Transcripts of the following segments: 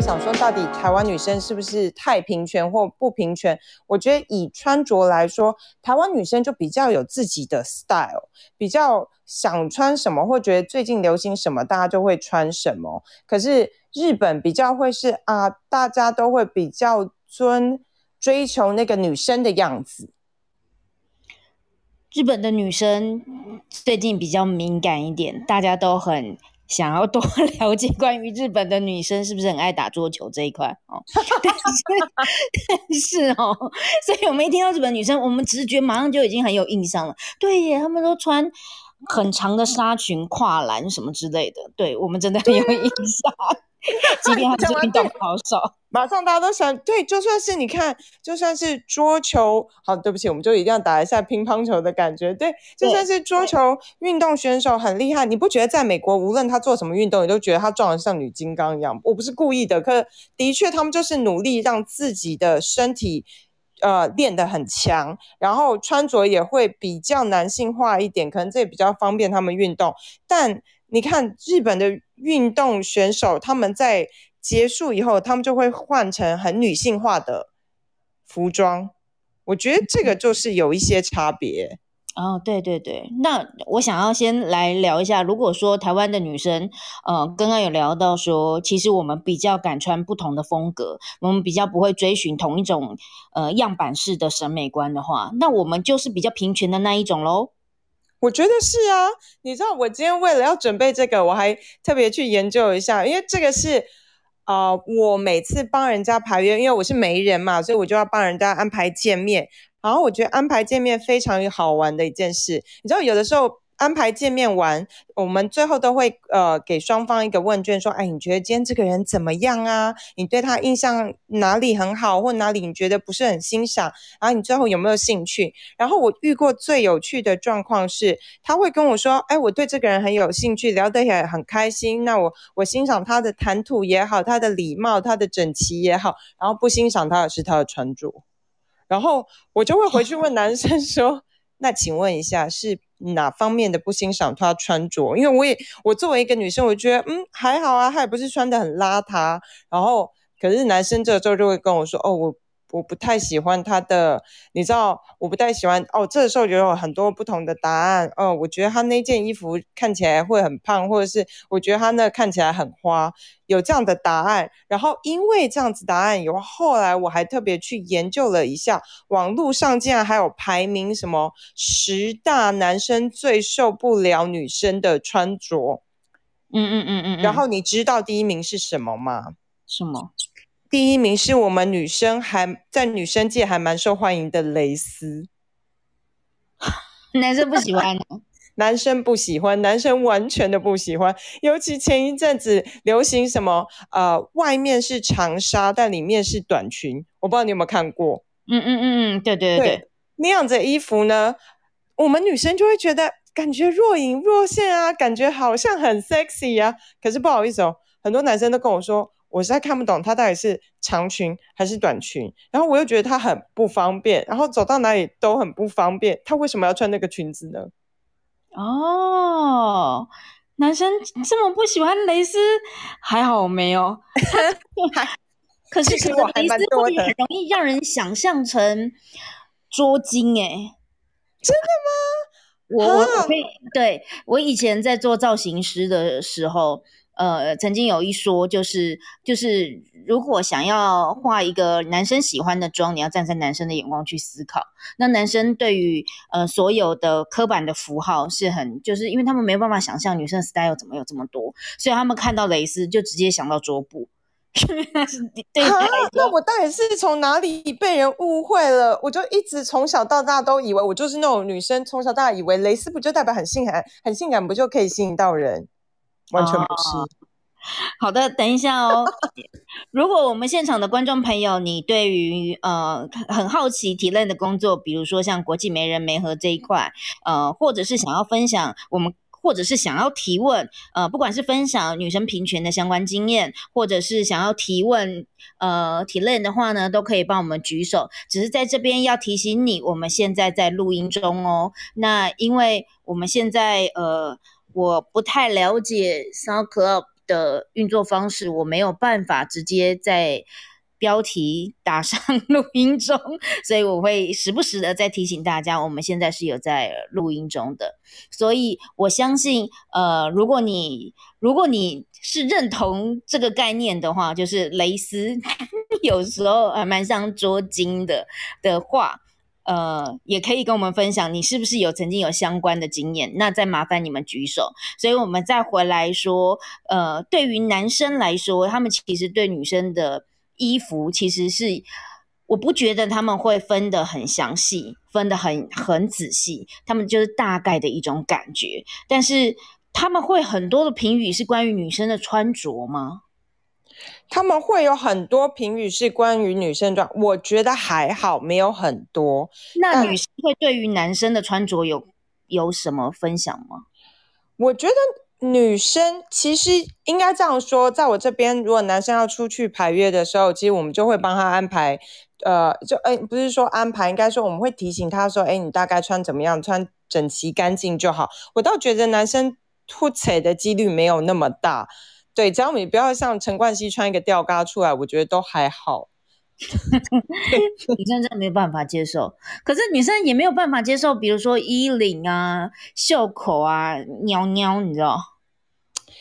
想說，到底台灣女生是不是太平權或不平權？我覺得以穿着來說，台灣女生就比較有自己的 style，比較想穿什麼，或覺得最近流行什麼，大家就會穿什麼。可是日本比較會是啊，大家都會比較尊追求那個女生的樣子。日本的女生最近比較敏感一點，大家都很。想要多了解關於日本的女生是不是很愛打桌球，這一塊哦？但是 但是哦，所以我們一聽到日本女生，我們直覺馬上就已經很有印象了。對耶，她們都穿很長的紗裙、跨欄什麼之類的。對我們真的很有印象，啊。 今天好像運動好少，啊，馬上大家都想對，就算是你看，就算是桌球，好，對不起，我們就一定要打一下乒乓球的感覺。對，就算是桌球運動選手很厲害，你不覺得在美國，無論他做什麼運動，你都覺得他壯的像女金剛一樣？我不是故意的，可的確，他們就是努力讓自己的身體呃練得很強，然後穿着也會比較男性化一點，可能這也比較方便他們運動。但你看日本的。運動選手他們在結束以後，他們就會換成很女性化的服裝。我覺得這個就是有一些差別。哦，對對對，那我想要先來聊一下，如果說台灣的女生，呃，剛剛有聊到說，其實我們比較敢穿不同的風格，我們比較不會追尋同一種，呃，樣板式的審美觀的話，那我們就是比較平權的那一種嘍。我覺得是啊，你知道我今天為了要準備這個，我還特別去研究一下，因為這個是，啊、呃，我每次幫人家排約，因為我是媒人嘛，所以我就要幫人家安排見面，然後我覺得安排見面非常好玩的一件事，你知道有的時候。安排見面完，我們最後都會呃給雙方一個問卷，說，哎，你覺得今天這個人怎麼樣啊？你對他印象哪裡很好，或哪裡你覺得不是很欣賞？然後你最後有沒有興趣？然後我遇過最有趣的狀況是，他會跟我說，哎，我對這個人很有興趣，聊得也很開心。那我我欣賞他的談吐也好，他的禮貌、他的整齊也好，然後不欣賞他的是他的穿着。然後我就會回去問男生說， 那請問一下是。哪方面的不欣賞他穿着？因為我也，我作為一個女生，我覺得嗯還好啊，他也不是穿得很邋遢。然後，可是男生這時候就會跟我說哦，我。我不太喜歡他的，你知道，我不太喜歡哦。這時候就有很多不同的答案哦。我覺得他那件衣服看起來會很胖，或者是我覺得他那看起來很花，有這樣的答案。然後因為這樣子答案以後，後來我還特別去研究了一下，網絡上竟然還有排名什麼十大男生最受不了女生的穿着。嗯嗯嗯嗯，嗯嗯嗯，然後你知道第一名是什麼嗎？什麼？第一名是我們女生還，還在女生界還蠻受歡迎的蕾絲，男生不喜歡，啊， 男生不喜歡，男生完全的不喜歡。尤其前一陣子流行什麼，呃，外面是長紗，但裡面是短裙，我不知道你有沒有看過？嗯嗯嗯嗯，對對對，對那樣子的衣服呢，我們女生就會覺得感覺若隱若現啊，感覺好像很 sexy 呀，啊。可是不好意思哦，很多男生都跟我說。我實在看不懂他到底是長裙還是短裙，然後我又覺得他很不方便，然後走到哪裡都很不方便。他為什麼要穿那個裙子呢？哦，男生這麼不喜歡蕾絲，還好沒有。可是這個蕾絲會很容易讓人想象成桌巾，哎，真的嗎？我哈對，我以前在做造型師的時候。呃，曾經有一說，就是就是如果想要畫一個男生喜歡的妝，你要站在男生的眼光去思考。那男生對於呃所有的刻板的符號是很，就是因為他們沒有辦法想象女生的 style 怎麼有這麼多，所以他們看到蕾絲就直接想到桌布。 對啊，那我到底是從哪裡被人誤會了？我就一直從小到大都以為我就是那種女生，從小到大以為蕾絲不就代表很性感，很性感不就可以吸引到人？完全不是，呃。好的，等一下哦。 如果我們現場的觀眾朋友，你對於呃很好奇 Tilaine 的工作，比如說像國際媒人、媒合這一塊，呃，或者是想要分享我們，或者是想要提問，呃，不管是分享女生平權的相關經驗，或者是想要提問呃 Tilaine 的話呢，都可以幫我們舉手。只是在這邊要提醒你，我們現在在錄音中哦。那因為我們現在呃。我不太了解 SoundClub 的運作方式，我沒有辦法直接在標題打上錄音中，所以我會時不時的再提醒大家，我們現在是有在錄音中的。所以我相信，呃，如果你如果你是認同這個概念的話，就是蕾絲 有時候還蠻像捉金的的話。呃，也可以跟我們分享，你是不是有曾經有相關的經驗？那再麻煩你們舉手。所以，我們再回來說，呃，對於男生來說，他們其實對女生的衣服，其實是我不覺得他們會分得很詳細，分得很很仔細，他們就是大概的一種感覺。但是，他們會很多的評語是關於女生的穿着嗎？他們會有很多評語是關於女生裝，我覺得還好，沒有很多。那女生會對於男生的穿着有有什麼分享嗎？我覺得女生其實應該這樣說，在我這邊，如果男生要出去排約的時候，其實我們就會幫他安排，呃，就哎，不是說安排，應該說我們會提醒他說，哎，你大概穿怎麼樣，穿整齊乾淨就好。我倒覺得男生吐槽的幾率沒有那麼大。對，只要你不要像陳冠希穿一個吊嘎出來，我覺得都還好。 女生真的沒有辦法接受，可是女生也沒有辦法接受，比如說衣領啊、袖口啊、尿尿，你知道？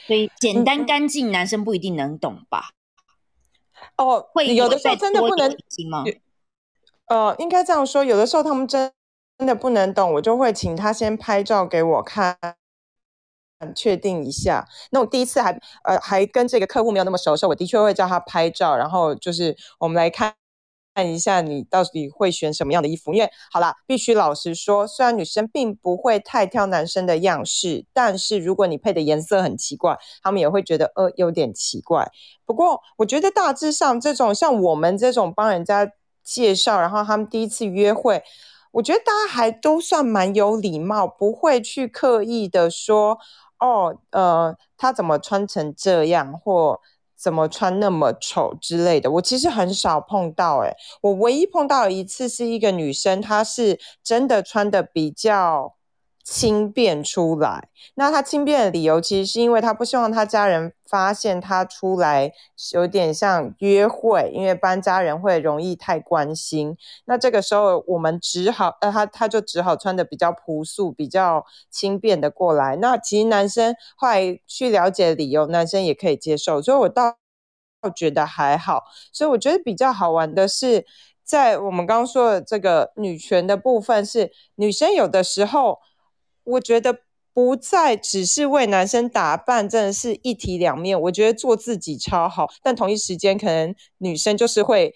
所以簡單乾淨，嗯、男生不一定能懂吧？哦，會，會有的時候真的不能懂嗎？呃，應該這樣說，有的時候他們真真的不能懂，我就會請他先拍照給我看。確定一下，那我第一次還呃還跟這個客戶沒有那麼熟的時候，我的確會叫他拍照，然後就是我們來看看一下你到底會選什麼樣的衣服，因為好啦，必須老實說，雖然女生並不會太挑男生的樣式，但是如果你配的顏色很奇怪，他們也會覺得呃有點奇怪。不過我覺得大致上這種像我們這種幫人家介紹，然後他們第一次約會，我覺得大家還都算蠻有禮貌，不會去刻意的說。哦，呃，他怎麼穿成這樣，或怎麼穿那麼醜之類的，我其實很少碰到欸，誒，我唯一碰到一次是一個女生，她是真的穿的比較。輕便出來，那他輕便的理由其實是因為他不希望他家人發現他出來有點像約會，因為班家人會容易太關心。那這個時候我們只好，呃，他他就只好穿得比較樸素、比較輕便的過來。那其實男生後來去了解理由，男生也可以接受，所以我倒覺得還好。所以我覺得比較好玩的是，在我們剛剛說的這個女權的部分，是女生有的時候。我覺得不再只是為男生打扮，真的是一體兩面。我覺得做自己超好，但同一時間可能女生就是會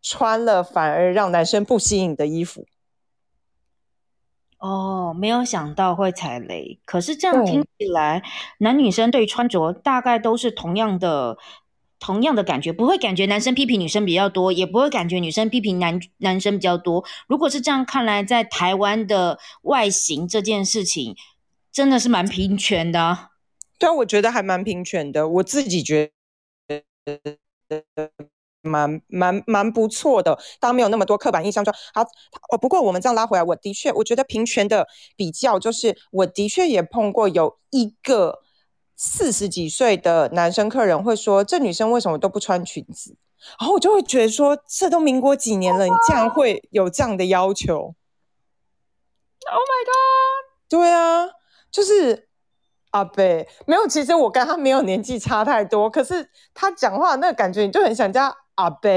穿了反而讓男生不吸引的衣服。哦，沒有想到會踩雷。可是這樣聽起來，對男女生對穿着大概都是同樣的。同樣的感覺，不會感覺男生批評女生比較多，也不會感覺女生批評男男生比較多。如果是這樣看來，在台灣的外形這件事情，真的是蠻平權的啊。對啊，我覺得還蠻平權的，我自己覺得蠻蠻蠻蠻不錯的，當然沒有那麼多刻板印象。好，哦，不過我們這樣拉回來，我的確，我覺得平權的比較，就是我的確也碰過有一個。四十幾歲的男生客人會說：“這女生為什麼都不穿裙子？”然後我就會覺得說：“這都民國幾年了，你竟然會有這樣的要求？”Oh my god！對啊，就是阿伯，沒有，其實我跟他沒有年紀差太多，可是他講話那個感覺，你就很想叫阿伯。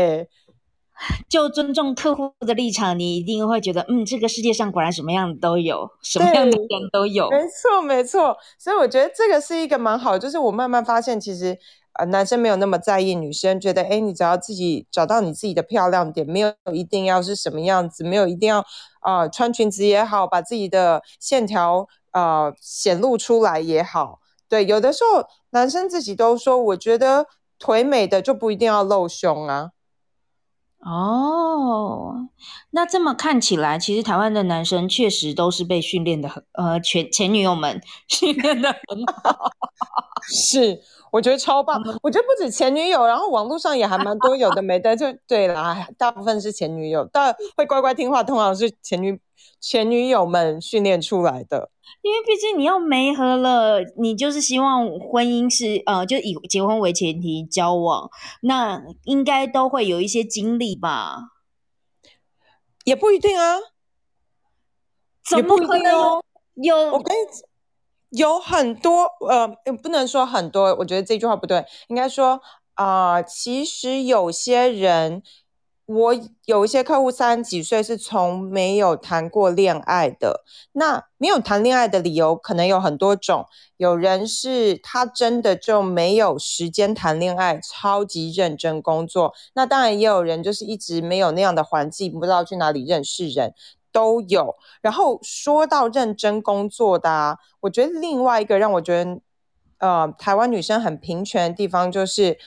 就尊重客戶的立場，你一定會覺得，嗯，這個世界上果然什麼樣的都有，什麼樣的人都有，沒錯，沒錯。所以我覺得這個是一個蠻好的，就是我慢慢發現，其實呃，男生沒有那麼在意，女生覺得，誒，你只要自己找到你自己的漂亮點，沒有一定要是什麼樣子，沒有一定要啊、呃，穿裙子也好，把自己的線條啊、呃，顯露出來也好，對，有的時候男生自己都說，我覺得腿美的就不一定要露胸啊。哦，那這麼看起來，其實台灣的男生確實都是被訓練的很，呃，前前女友們訓練的很好。 是，我覺得超棒。嗯、我覺得不止前女友，然後網絡上也還蠻多有的沒的， 就對啦。大部分是前女友，但會乖乖聽話，通常是前女前女友們訓練出來的。因為畢竟你要媒合了，你就是希望婚姻，是呃，就以結婚為前提交往，那應該都會有一些經歷吧？也不一定啊，怎麼可能？也不可能哦。有。我跟你有很多，呃，不能說很多，我覺得這句話不對，應該說啊、呃，其實有些人，我有一些客戶三十幾歲是從沒有談過戀愛的，那沒有談戀愛的理由可能有很多種，有人是他真的就沒有時間談戀愛，超級認真工作，那當然也有人就是一直沒有那樣的環境，不知道去哪裡認識人。都有。然後說到認真工作的啊，我覺得另外一個讓我覺得，呃，台灣女生很平權的地方就是，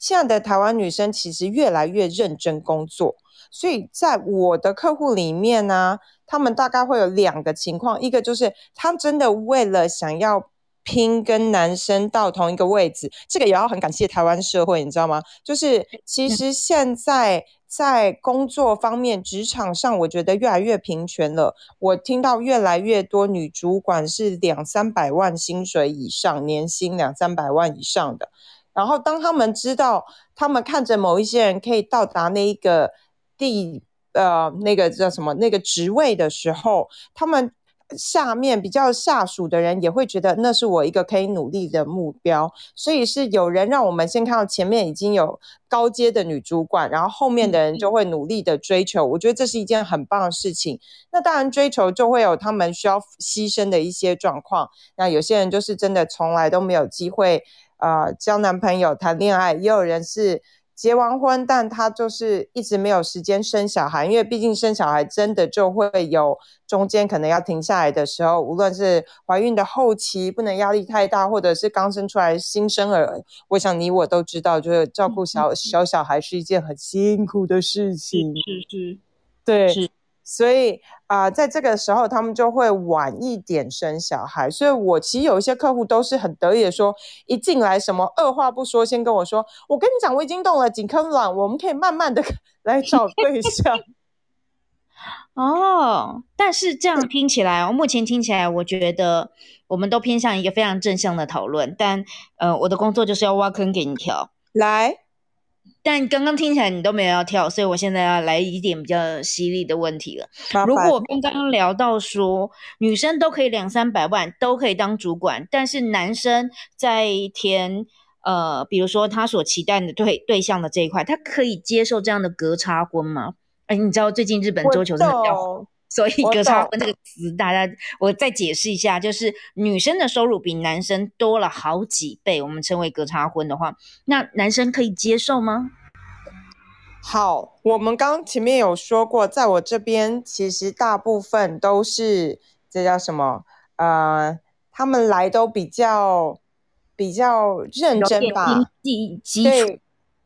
現在的台灣女生其實越來越認真工作。所以在我的客戶裡面呢，啊，她們大概會有兩個情況，一個就是她真的為了想要拼跟男生到同一個位置，這個也要很感謝台灣社會，你知道嗎？就是其實現在。 在工作方面，職場上我覺得越來越平權了。我聽到越來越多女主管是兩三百萬薪水以上，年薪兩三百萬以上的。然後當他們知道，他們看着某一些人可以到達那一個地，呃，那個叫什麼，那個職位的時候，他們。下面比較下屬的人也會覺得，那是我一個可以努力的目標，所以是有人讓我們先看到前面已經有高階的女主管，然後後面的人就會努力的追求。我覺得這是一件很棒的事情。那當然，追求就會有他們需要犧牲的一些狀況。那有些人就是真的從來都沒有機會啊，呃，交男朋友談戀愛，也有人是。結完婚，但他就是一直沒有時間生小孩，因為畢竟生小孩真的就會有中間可能要停下來的時候，無論是懷孕的後期不能壓力太大，或者是剛生出來新生兒，我想你我都知道，就是照顧小、嗯、小小孩是一件很辛苦的事情，是是，是是對。是所以啊，呃，在這個時候，他們就會晚一點生小孩。所以我其實有一些客戶都是很得意的說，一進來什麼二話不說，先跟我說，我跟你講，我已經動了凍卵，我們可以慢慢的來找對象。 哦，但是這樣聽起來，哦，目前聽起來，我覺得我們都偏向一個非常正向的討論。但呃，我的工作就是要挖坑給你跳，來。但剛剛聽起來你都沒有要跳，所以我現在要來一點比較犀利的問題了。煩如果我剛剛聊到說，女生都可以兩三百萬都可以當主管，但是男生在填呃，比如說他所期待的對對象的這一塊，他可以接受這樣的格差婚嗎？哎，你知道最近日本桌球真的比較。所以“格差婚”那個詞這個詞，大家我再解釋一下，就是女生的收入比男生多了好幾倍，我們稱為“格差婚”的話，那男生可以接受嗎？好，我們剛前面有說過，在我這邊其實大部分都是這叫什麼？呃，他們來都比較比較認真吧？基礎對。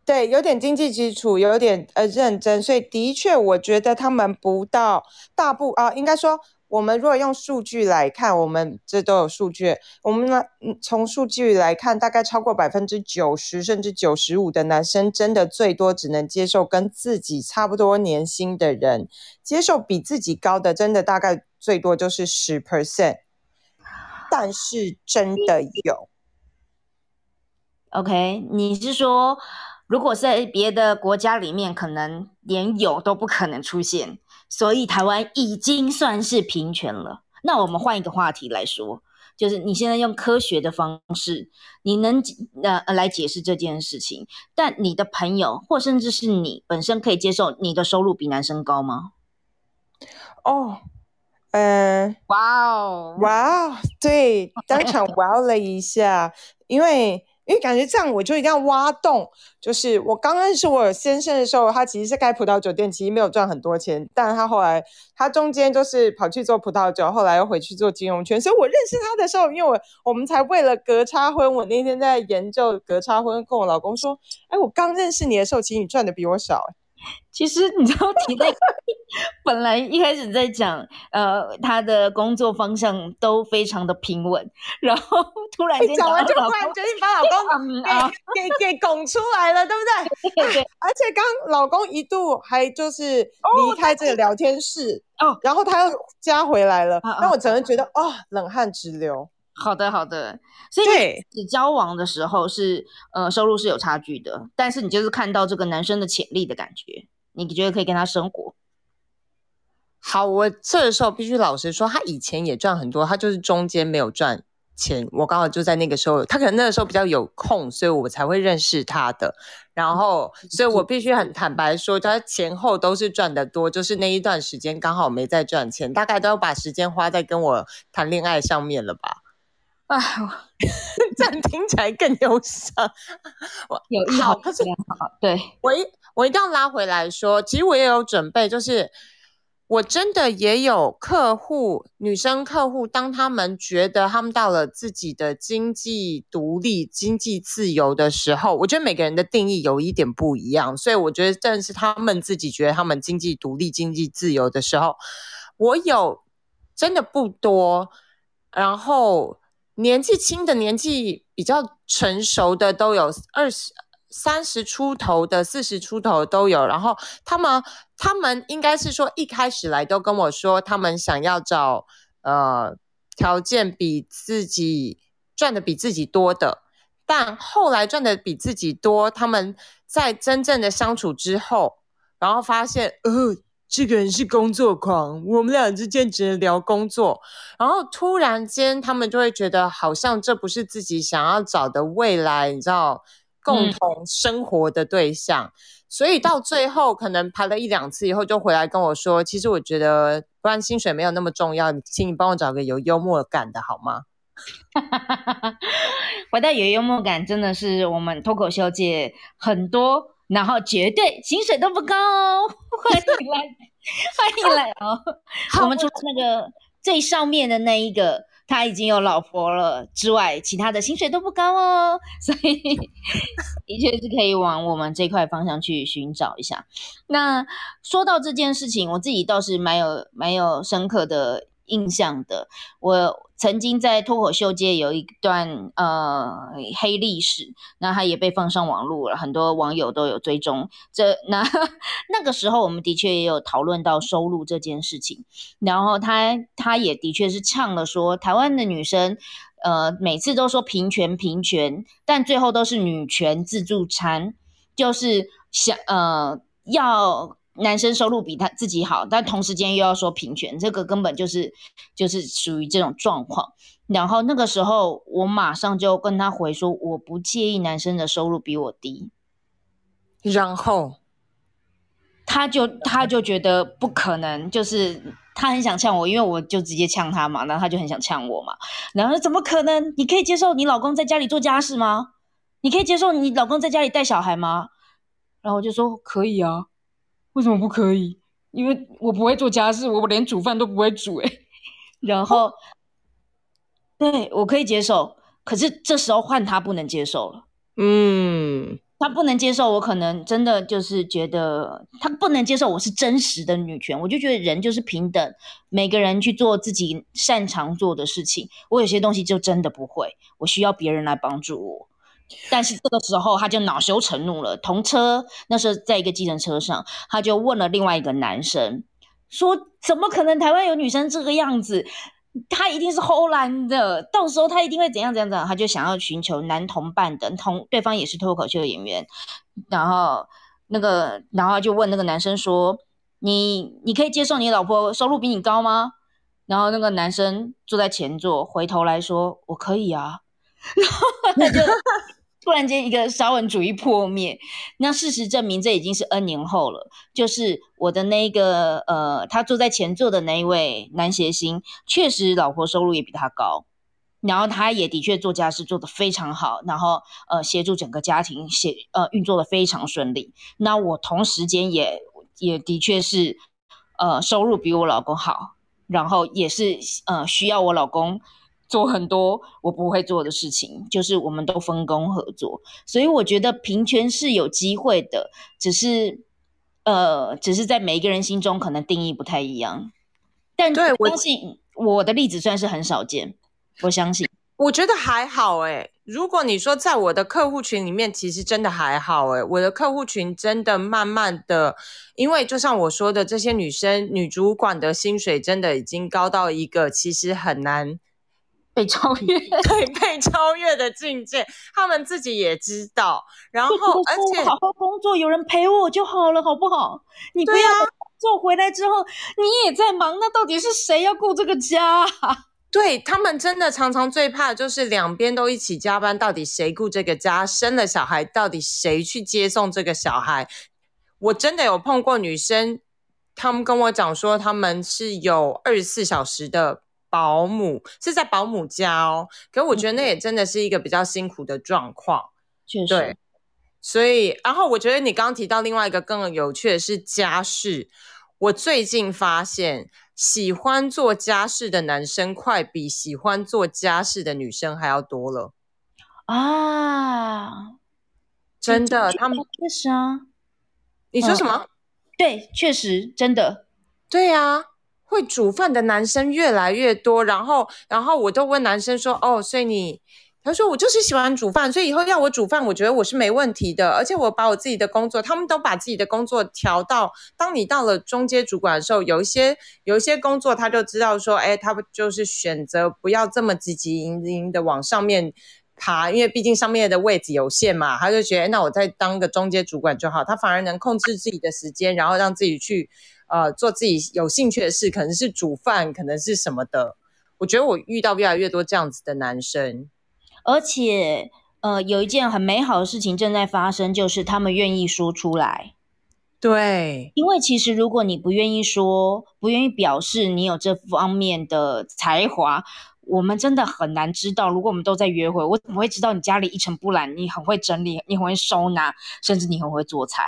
對，有點經濟基礎，有點呃認真，所以的確，我覺得他們不到大部啊，應該說，我們如果用數據來看，我們這都有數據，我們呢，從數據來看，大概超過百分之九十，甚至九十五的男生，真的最多只能接受跟自己差不多年薪的人，接受比自己高的，真的大概最多就是十 percent，但是真的有，OK，你是說？如果在別的國家裡面，可能連有都不可能出現，所以台灣已經算是平權了。那我們換一個話題來說，就是你現在用科學的方式，你能呃來解釋這件事情，但你的朋友或甚至是你本身可以接受你的收入比男生高嗎？哦，oh, 呃，哇哦，哇，對，當場哇、wow、了一下， 因為。因為感覺這樣我就一定要挖洞。就是我剛認識我先生的時候，他其實是開葡萄酒店，其實沒有賺很多錢。但他後來，他中間就是跑去做葡萄酒，後來又回去做金融圈。所以我認識他的時候，因為我我們才為了格差婚，我那天在研究格差婚，跟我老公說：“哎，我剛認識你的時候，其實你賺的比我少、欸。”其實你知道，提到 本來一開始在講，呃，他的工作方向都非常的平穩，然後突然間講完就突然決定把老公給、 嗯哦、給給，給拱出來了，對不對，對，對，對、啊？而且剛老公一度還就是離開這個聊天室哦，哦然後他又加回來了，那、哦、我整個人覺得啊、哦，冷汗直流。好的，好的。所以你交往的時候是對呃，收入是有差距的，但是你就是看到這個男生的潛力的感覺，你覺得可以跟他生活？好，我這時候必須老實說，他以前也賺很多，他就是中間沒有賺錢。我剛好就在那個時候，他可能那個時候比較有空，所以我才會認識他的。然後，所以我必須很坦白說，他前後都是賺的多，就是那一段時間剛好沒在賺錢，大概都要把時間花在跟我談戀愛上面了吧。哎，唉 這樣聽起來更憂傷。我有笑 好，可好是對，我一對 我一定要拉回來說，其實我也有準備，就是我真的也有客戶，女生客戶，當他們覺得他們到了自己的經濟獨立、經濟自由的時候，我覺得每個人的定義有一點不一樣，所以我覺得正是他們自己覺得他們經濟獨立、經濟自由的時候，我有真的不多，然後。年紀輕的、年紀比較成熟的都有，二十三十出頭的、四十出頭都有。然後他們，他們應該是說一開始來都跟我說他們想要找呃，條件比自己賺的比自己多的，但後來賺的比自己多，他們在真正的相處之後，然後發現呃。這個人是工作狂，我們倆之間只能聊工作。然後突然間，他們就會覺得好像這不是自己想要找的未來，你知道，共同生活的對象。嗯、所以到最後，可能排了一兩次以後，就回來跟我說：“其實我覺得，不然薪水沒有那麼重要，你請你幫我找個有幽默感的好嗎？”哈哈哈哈哈！說到有幽默感，真的是我們脫口秀界很多。然後絕對薪水都不高哦，歡迎來， 歡迎來哦。好我們除了那個最上面的那一個他已經有老婆了之外，其他的薪水都不高哦，所以的確是可以往我們這塊方向去尋找一下。那說到這件事情，我自己倒是蠻有蠻有深刻的印象的，我。曾經在脫口秀界有一段呃黑歷史，那他也被放上網絡了，很多網友都有追蹤。這那那個時候，我們的確也有討論到收入這件事情，然後他他也的確是唱了說，台灣的女生，呃，每次都說平權平權，但最後都是女權自助餐，就是想呃要。男生收入比他自己好，但同時間又要說平權，這個根本就是就是屬於這種狀況。然後那個時候，我馬上就跟他回說，我不介意男生的收入比我低。然後，他就他就覺得不可能，就是他很想嗆我，因為我就直接嗆他嘛，然後他就很想嗆我嘛。然後說，怎麼可能？你可以接受你老公在家裡做家事嗎？你可以接受你老公在家裡帶小孩嗎？然後我就說可以啊。為什麼不可以？因為我不會做家事，我連煮飯都不會煮欸。然後，對，我可以接受，可是這時候換他不能接受了。嗯，他不能接受，我可能真的就是覺得他不能接受我是真實的女權。我就覺得人就是平等，每個人去做自己擅長做的事情。我有些東西就真的不會，我需要別人來幫助我。但是這個時候他就惱羞成怒了，同車，那時候在一個計程車上，他就問了另外一個男生，說，怎麼可能台灣有女生這個樣子？他一定是荷蘭的，到時候他一定會怎樣怎樣怎樣，他就想要尋求男同伴的同，對方也是脫口秀的演員，然後那個，然後就問那個男生說，你你可以接受你老婆收入比你高嗎？然後那個男生坐在前座，回頭來說，我可以啊。 然後他就突然間一個沙文主義破滅。那事實證明，這已經是 N 年後了。就是我的那個呃，他坐在前座的那一位男協星，確實老婆收入也比他高，然後他也的確做家事做得非常好，然後呃協助整個家庭寫，呃運作得非常順利。那我同時間也也的確是呃收入比我老公好，然後也是呃需要我老公做很多我不會做的事情，就是我們都分工合作，所以我覺得平權是有機會的，只是呃，只是在每一個人心中可能定義不太一樣。但我相信我的例子算是很少見，我，我相信。我覺得還好欸。如果你說在我的客戶群裡面，其實真的還好欸，我的客戶群真的慢慢的，因為就像我說的，這些女生女主管的薪水真的已經高到一個其實很難。被超越， 對被超越的境界，他們自己也知道。然後，而且好好工作，有人陪我就好了，好不好？你不要工作回來之後，啊、你也在忙，那到底是誰要顧這個家？對他們真的常常最怕就是兩邊都一起加班，到底誰顧這個家？生了小孩，到底誰去接送這個小孩？我真的有碰過女生，他們跟我講說，他們是有二十四小時的。保姆是在保姆家哦，可我覺得那也真的是一個比較辛苦的狀況，確實。對。所以，然後我覺得你剛提到另外一個更有趣的是家事，我最近發現，喜歡做家事的男生快比喜歡做家事的女生還要多了啊！真的，嗯，他們確實啊。你說什麼？啊，對，確實，真的，對啊。會煮飯的男生越來越多，然後，然後我就問男生說：“哦，所以你？”他說：“我就是喜歡煮飯，所以以後要我煮飯，我覺得我是沒問題的。而且我把我自己的工作，他們都把自己的工作調到，當你到了中階主管的時候，有一些有一些工作，他就知道說，哎，他不就是選擇不要這麼汲汲營營的往上面爬，因為畢竟上面的位置有限嘛。他就覺得，哎，那我再當個中階主管就好，他反而能控制自己的時間，然後讓自己去。”呃，做自己有興趣的事，可能是煮飯，可能是什麼的。我覺得我遇到越來越多這樣子的男生，而且，呃，有一件很美好的事情正在發生，就是他們願意說出來。對，因為其實如果你不願意說，不願意表示你有這方面的才華，我們真的很難知道。如果我們都在約會，我怎麼會知道你家裡一塵不染，你很會整理，你很會收納，甚至你很會做菜。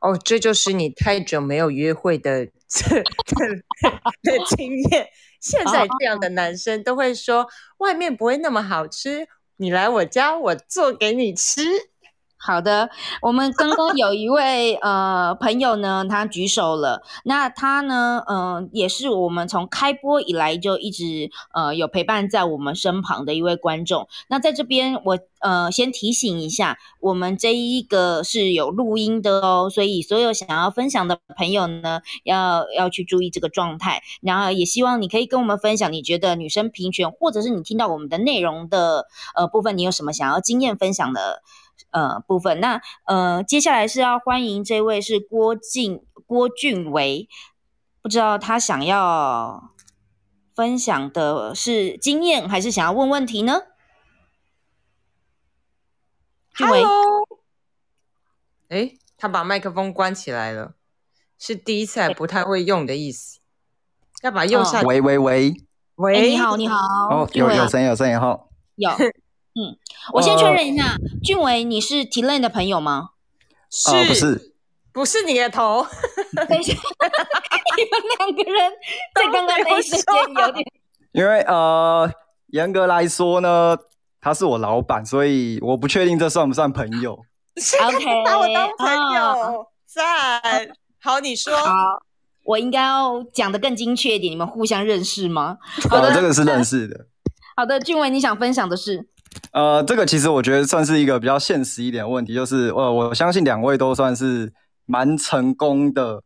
哦，oh, 這就是你太久沒有約會的這 的，的，的經驗。現在這樣的男生都會說，oh. 外面不會那麼好吃，你來我家，我做給你吃。好的，我們剛剛有一位 呃朋友呢，他舉手了。那他呢，嗯、呃，也是我們從開播以來就一直呃有陪伴在我們身旁的一位觀眾。那在這邊我，我呃先提醒一下，我們這一個是有錄音的哦，所以所有想要分享的朋友呢，要要去注意這個狀態。然後也希望你可以跟我們分享，你覺得女生平權，或者是你聽到我們的內容的呃部分，你有什麼想要經驗分享的？呃，部分那呃，接下來是要歡迎這位是郭靖郭俊維，不知道他想要分享的是經驗，還是想要問問題呢？俊維，哎，他把麥克風關起來了，是第一次還不太會用的意思，欸、要把右下喂喂喂喂，你好、欸、你好，你好哦，好有有聲有聲有聲有。嗯，我先確認一下，uh, 俊偉，你是提 o 的朋友嗎？是、呃，不是不是你的頭？等一下，你們兩個人在剛剛那一時間有點……有啊、因為呃，嚴格來說呢，他是我老闆，所以我不確定這算不算朋友。OK， 他把我當朋友。在，okay, 哦、好，好，你說。好，我應該要講的更精確一點。你們互相認識嗎？好的，呃、這個是認識的。 好的，俊偉，你想分享的是？呃，這個其實我覺得算是一個比較現實一點的問題，就是呃我相信兩位都算是蠻成功的，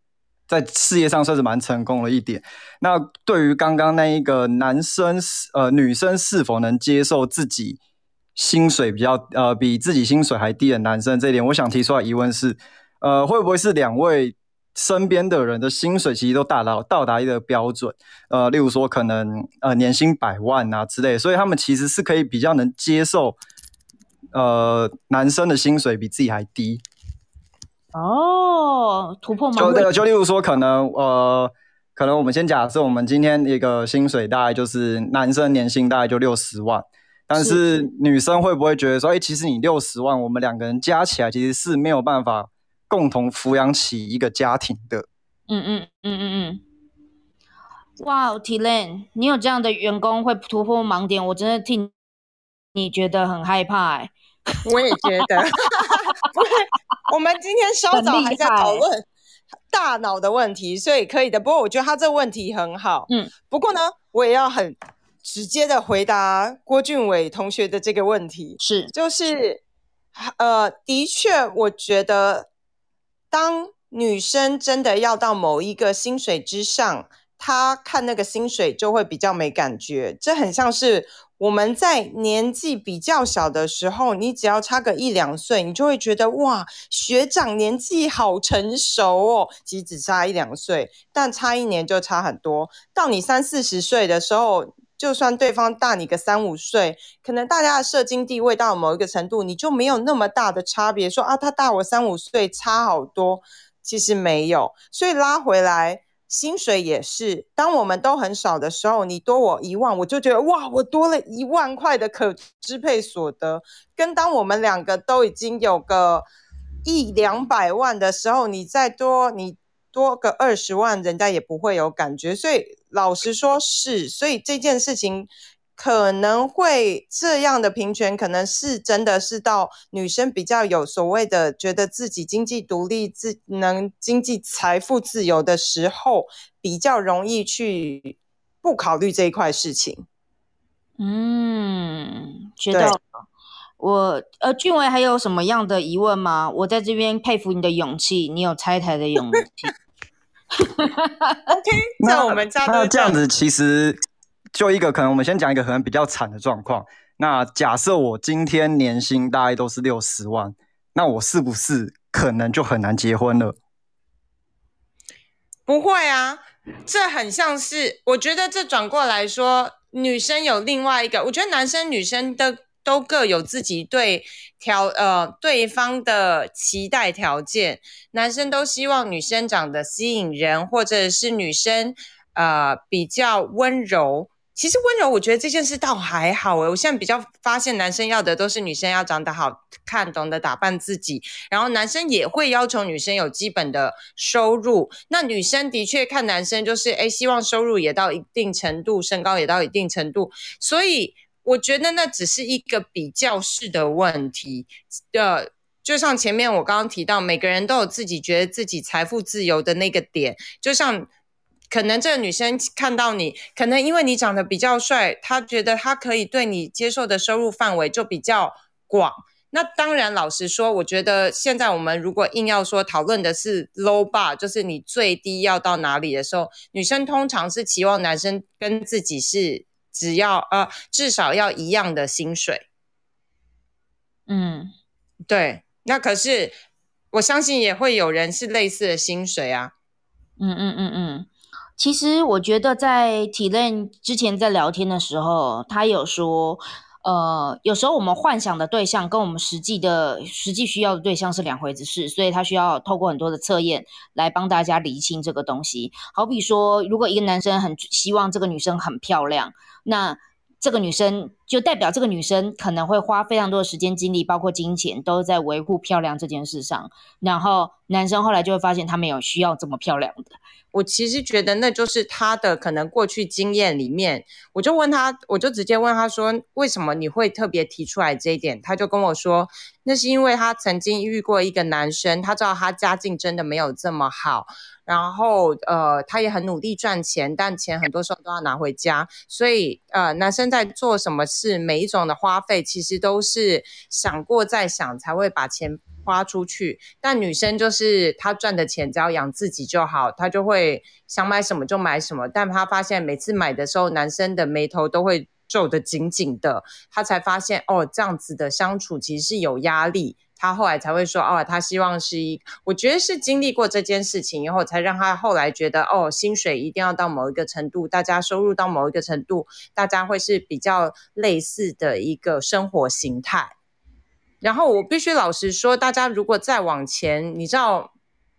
在事業上算是蠻成功的一點。那對於剛剛那一個男生，呃，女生是否能接受自己薪水比較呃比自己薪水還低的男生這一點，我想提出來疑問是，呃，會不會是兩位身邊的人的薪水其實都達到到達一個標準，呃，例如說可能呃年薪百萬啊之類，所以他們其實是可以比較能接受，呃，男生的薪水比自己還低。哦，突破嗎？就這個就例如說可能呃，可能我們先假設我們今天一個薪水大概就是男生年薪大概就六十萬，但是女生會不會覺得說，哎，其實你六十萬，我們兩個人加起來其實是沒有辦法。共同撫養起一個家庭的，嗯嗯嗯嗯嗯，哇、wow,，Tilaine，你有這樣的員工會突破盲點，我真的替你覺得很害怕哎、欸，我也覺得，不哈 我們今天稍早還在討論大腦的問題，所以可以的。不過我覺得他這個問題很好，嗯。不過呢，我也要很直接的回答郭俊偉同學的這個問題，是，就是，呃，的確，我覺得。當女生真的要到某一個薪水之上，她看那個薪水就會比較沒感覺。這很像是我們在年紀比較小的時候，你只要差個一兩歲，你就會覺得哇，學長年紀好成熟哦，即使差一兩歲，但差一年就差很多。到你三四十歲的時候。就算對方大你個三五歲，可能大家的社經地位到某一個程度，你就沒有那麼大的差別。說啊，他大我三五歲，差好多，其實沒有。所以拉回來，薪水也是。當我們都很少的時候，你多我一萬，我就覺得哇，我多了一萬塊的可支配所得。跟當我們兩個都已經有個一兩百萬的時候，你再多，你。多個二十萬，人家也不會有感覺。所以老實說是，是所以這件事情可能會這樣的平權，可能是真的是到女生比較有所謂的，覺得自己經濟獨立自能經濟財富自由的時候，比較容易去不考慮這一塊事情。嗯，對。我呃、啊，俊偉還有什麼樣的疑問嗎？我在這邊佩服你的勇氣，你有拆台的勇氣。OK，那我們家的這樣子，其實就一個可能，我們先講一個可能比較慘的狀況。那假設我今天年薪大概都是六十萬，那我是不是可能就很難結婚了？不會啊，這很像是我覺得這轉過來說，女生有另外一個，我覺得男生女生的。都各有自己對條呃對方的期待條件，男生都希望女生長得吸引人，或者是女生呃比較溫柔。其實溫柔，我覺得這件事倒還好哎、欸。我現在比較發現，男生要的都是女生要長得好看，懂得打扮自己。然後男生也會要求女生有基本的收入。那女生的確看男生就是，誒，希望收入也到一定程度，身高也到一定程度，所以。我覺得那只是一個比較式的問題，呃，就像前面我剛剛提到，每個人都有自己覺得自己財富自由的那個點，就像可能這個女生看到你，可能因為你長得比較帥，她覺得她可以對你接受的收入範圍就比較廣。那當然，老實說，我覺得現在我們如果硬要說討論的是 low bar，就是你最低要到哪裡的時候，女生通常是期望男生跟自己是。只要啊、呃，至少要一樣的薪水。嗯，對，那可是我相信也會有人是類似的薪水啊。嗯嗯嗯嗯，其實我覺得在體 r 之前在聊天的時候，他有說。呃，有時候我們幻想的對象跟我們實際的實際需要的對象是兩回之事，所以他需要透過很多的測驗來幫大家理清這個東西。好比說，如果一個男生很希望這個女生很漂亮，那。這個女生就代表這個女生可能會花非常多的時間、精力，包括金錢，都在維護漂亮這件事上。然後男生後來就會發現他沒有需要這麼漂亮的。我其實覺得那就是他的可能過去經驗裡面。我就問他，我就直接問他說：“為什麼你會特別提出來這一點？”他就跟我說：“那是因為他曾經遇過一個男生，他知道他家境真的沒有這麼好。”然後，呃，他也很努力賺錢，但錢很多時候都要拿回家。所以，呃，男生在做什麼事，每一種的花費，其實都是想過再想，才會把錢花出去。但女生就是她賺的錢只要養自己就好，她就會想買什麼就買什麼。但她發現每次買的時候，男生的眉頭都會皺得緊緊的，她才發現哦，這樣子的相處其實是有壓力。他後來才會說，哦，他希望是一個，我覺得是經歷過這件事情以後，才讓他後來覺得，哦，薪水一定要到某一個程度，大家收入到某一個程度，大家會是比較類似的一個生活形態。然後我必須老實說，大家如果再往前，你知道。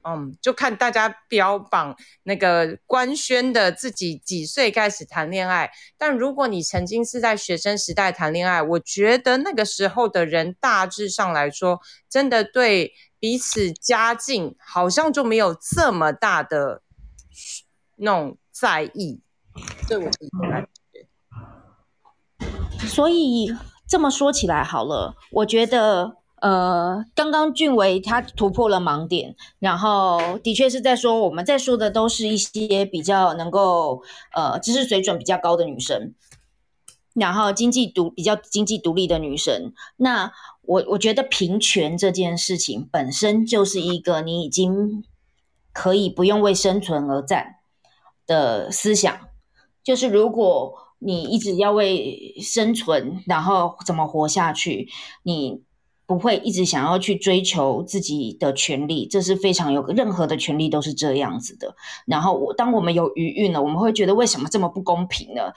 嗯，就看大家標榜那個官宣的自己幾歲開始談戀愛。但如果你曾經是在學生時代談戀愛，我覺得那個時候的人大致上來說，真的對彼此家境好像就沒有這麼大的那種在意，對我自己的感覺。所以這麼說起來好了，我覺得。呃，剛剛俊偉他突破了盲點，然後的確是在說我們在說的都是一些比較能夠呃知識水準比較高的女生，然後經濟獨比較經濟獨立的女生。那我我覺得平權這件事情本身就是一個你已經可以不用為生存而戰的思想，就是如果你一直要為生存，然後怎麼活下去，你。不會一直想要去追求自己的權利，這是非常有任何的權利都是這樣子的。然後我當我們有餘韻了，我們會覺得為什麼這麼不公平呢？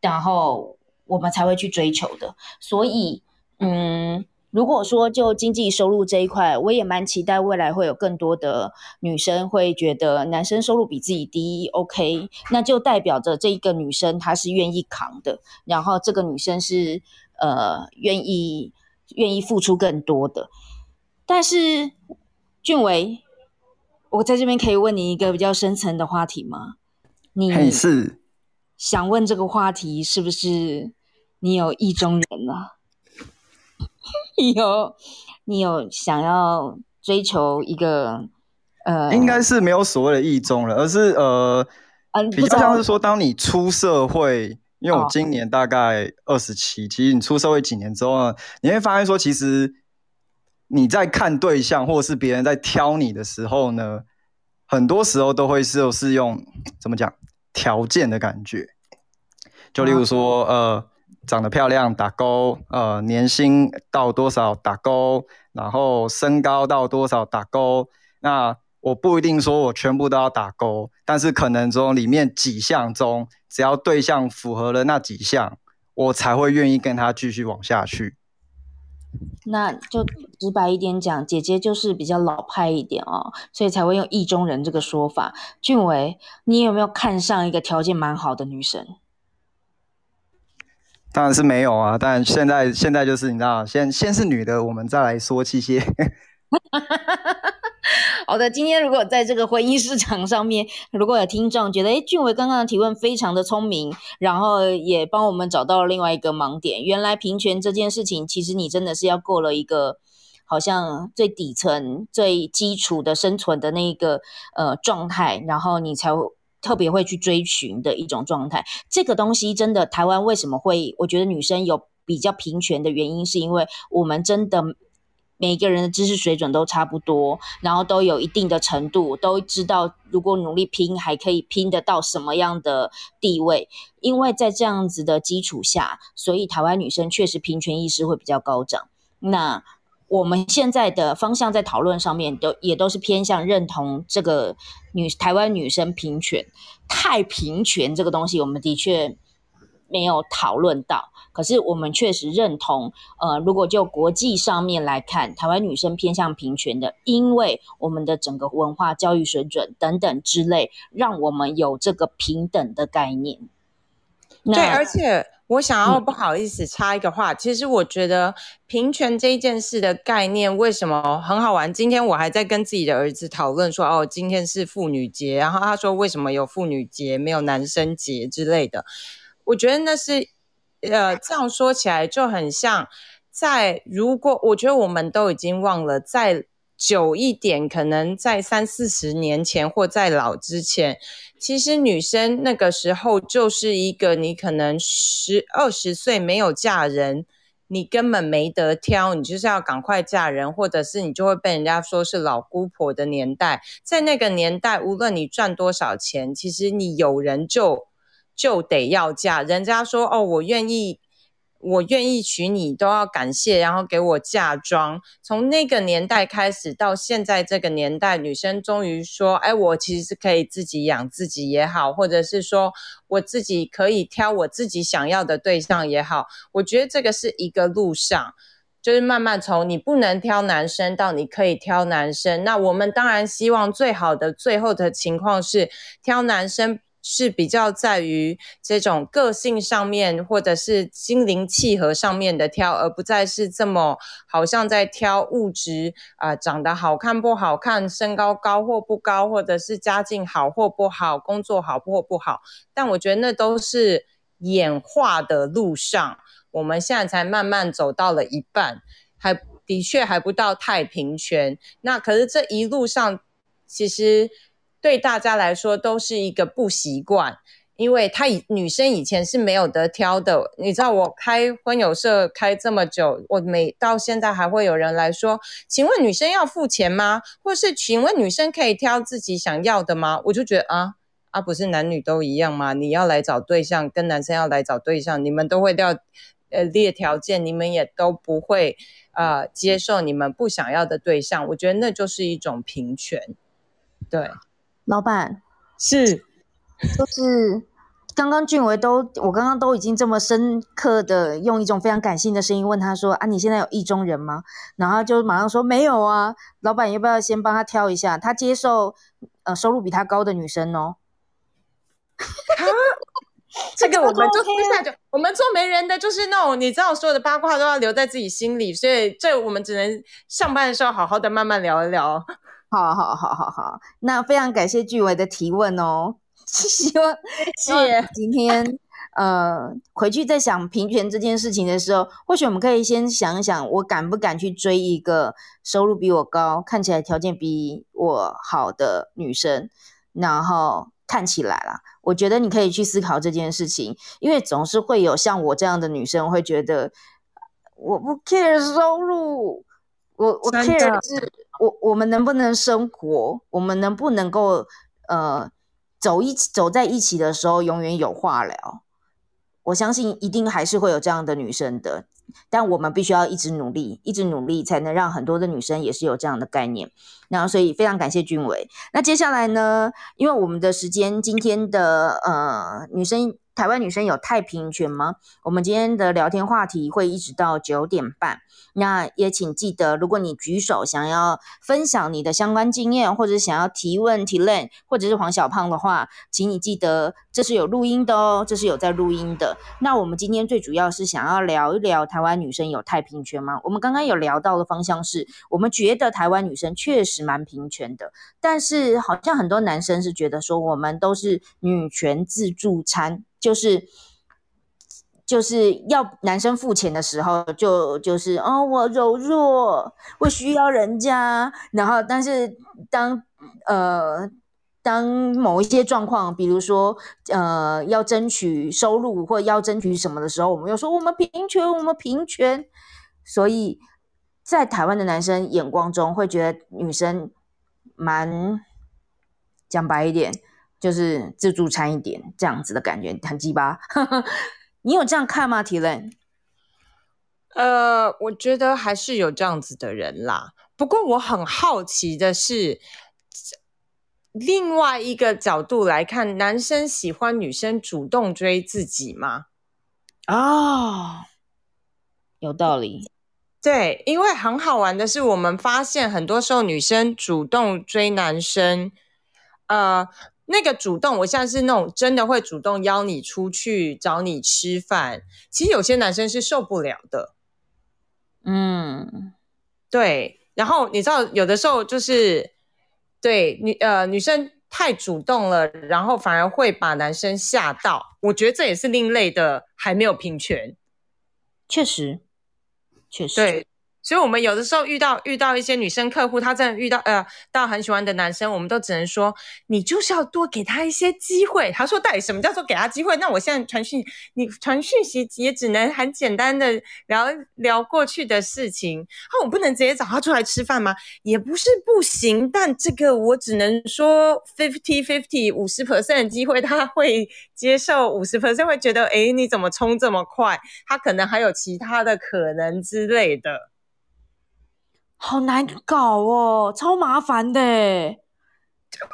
然後我們才會去追求的。所以，嗯，如果說就經濟收入這一塊，我也蠻期待未來會有更多的女生會覺得男生收入比自己低，OK，那就代表着這一個女生她是願意扛的，然後這個女生是呃願意。願意付出更多的，但是俊偉，我在這邊可以問你一個比較深層的話題嗎？你是想問這個話題是不是你有意中人了、啊？ 有，你有想要追求一個呃？應該是沒有所謂的意中人，而是呃，嗯、比較像是說當你出社會。因為我今年大概二十七，其實你出社會幾年之後呢，你會發現說，其實你在看對象，或者是別人在挑你的時候呢，很多時候都會是是用怎麼講條件的感覺，就例如說，Oh. 呃，長得漂亮打勾，呃，年薪到多少打勾，然後身高到多少打勾，那。我不一定說我全部都要打勾，但是可能中裡面幾項中，只要對象符合了那幾項，我才會願意跟他繼續往下去。那就直白一點講，姐姐就是比較老派一點哦，所以才會用意中人這個說法。俊偉，你有沒有看上一個條件蠻好的女生？當然是沒有啊，但現在現在就是你知道，先先是女的，我們再來說這些。 好的，今天如果在這個婚姻市場上面，如果有聽眾覺得，誒，俊偉剛剛的提問非常的聰明，然後也幫我們找到了另外一個盲點。原來平權這件事情，其實你真的是要過了一個好像最底層、最基礎的生存的那一個呃狀態，然後你才會特別會去追尋的一種狀態。這個東西真的，台灣為什麼會？我覺得女生有比較平權的原因，是因為我們真的。每一個人的知識水準都差不多，然後都有一定的程度，都知道如果努力拼還可以拼得到什麼樣的地位。因為在這樣子的基礎下，所以台灣女生確實平權意識會比較高漲。那我們現在的方向在討論上面都也都是偏向認同這個女台灣女生平權，太平權這個東西，我們的確。沒有討論到，可是我們確實認同，呃，如果就國際上面來看，台灣女生偏向平權的，因為我們的整個文化、教育水準等等之類，讓我們有這個平等的概念。對，那，而且我想要不好意思插一個話，嗯，其實我覺得平權這件事的概念為什麼很好玩？今天我還在跟自己的兒子討論說，哦，今天是婦女節，然後他說為什麼有婦女節沒有男生節之類的。我覺得那是，呃，這樣說起來就很像，在如果我覺得我們都已經忘了，再久一點，可能在三四十年前或在老之前，其實女生那個時候就是一個，你可能十二十歲沒有嫁人，你根本沒得挑，你就是要趕快嫁人，或者是你就會被人家說是老姑婆的年代。在那個年代，無論你賺多少錢，其實你有人就就得要嫁，人家說哦，我願意，我願意娶你，都要感謝，然後給我嫁妝。從那個年代開始，到現在這個年代，女生終於說，哎，我其實是可以自己養自己也好，或者是說我自己可以挑我自己想要的對象也好。我覺得這個是一個路上，就是慢慢從你不能挑男生到你可以挑男生。那我們當然希望最好的最後的情況是挑男生。是比較在於這種個性上面，或者是心靈契合上面的挑，而不再是這麼好像在挑物質啊，長得好看不好看，身高高或不高，或者是家境好或不好，工作好或不好。但我覺得那都是演化的路上，我們現在才慢慢走到了一半，還的確還不到太平權。那可是這一路上，其實。對大家來說都是一個不習慣，因為他以女生以前是沒有得挑的。你知道我開婚友社開這麼久，我每到現在還會有人來說：“請問女生要付錢嗎？或是請問女生可以挑自己想要的嗎？”我就覺得啊啊，啊不是男女都一樣嗎？你要來找對象，跟男生要來找對象，你們都會要呃列條件，你們也都不會啊、呃、接受你們不想要的對象。我覺得那就是一種平權，對。老闆是， 就是剛剛俊偉都，我剛剛都已經這麼深刻的用一種非常感性的聲音問他說啊，你現在有意中人嗎？然後就馬上說沒有啊。老闆要不要先幫他挑一下？他接受呃收入比他高的女生哦。 啊，這個我們做私下就， 我們做媒人的就是那種，你知道所有的八卦都要留在自己心裡，所以這我們只能上班的時候好好的慢慢聊一聊。好，好，好，好，好，那非常感謝巨偉的提問哦， 希望謝謝。是今天， 呃，回去在想平權這件事情的時候，或許我們可以先想一想，我敢不敢去追一個收入比我高，看起來條件比我好的女生？然後看起來啦，我覺得你可以去思考這件事情，因為總是會有像我這樣的女生會覺得，我不 care 收入。我我 care 是，我我我們能不能生活，我們能不能夠呃走一起走在一起的時候永遠有話聊，我相信一定還是會有這樣的女生的，但我們必須要一直努力，一直努力才能讓很多的女生也是有這樣的概念。然後所以非常感謝俊偉。那接下來呢，因為我們的時間，今天的呃，女生，台灣女生有太平權嗎？我們今天的聊天話題會一直到九點半。那也請記得，如果你舉手想要分享你的相關經驗，或者是想要提問提問，或者是黃小胖的話，請你記得這是有錄音的哦，這是有在錄音的。那我們今天最主要是想要聊一聊台灣女生有太平權嗎？我們剛剛有聊到的方向是，我們覺得台灣女生確實。是蠻平權的，但是好像很多男生是覺得說我們都是女權自助餐，就是就是要男生付錢的時候就，就就是哦我柔弱，我需要人家。然後，但是當呃當某一些狀況，比如說呃要爭取收入或要爭取什麼的時候，我們又說我們平權，我們平權，所以。在台灣的男生眼光中，會覺得女生蠻講白一點，就是自助餐一點這樣子的感覺，很雞巴。 你有這樣看嗎？Tilaine？呃，我覺得還是有這樣子的人啦。不過我很好奇的是，另外一個角度來看，男生喜歡女生主動追自己嗎？啊、哦，有道理。對，因為很好玩的是，我們發現很多時候女生主動追男生，呃，那個主動，我像是那種真的會主動邀你出去找你吃飯，其實有些男生是受不了的。嗯，對。然後你知道，有的時候就是，對女呃女生太主動了，然後反而會把男生嚇到。我覺得這也是另類的，還沒有平權。確實。確實。所以，我們有的時候遇到遇到一些女生客戶，她真的遇到呃，到很喜歡的男生，我們都只能說，你就是要多給他一些機會。她說：“到底什麼叫做給他機會？那我現在傳訊，你傳訊息也只能很簡單的聊聊過去的事情。那我不能直接找他出來吃飯嗎？也不是不行，但這個我只能說 fifty fifty 五十 percent 的機會他會接受，五十 percent 會覺得，誒，你怎麼衝這麼快？他可能還有其他的可能之類的。”好難搞哦，超麻煩的耶。就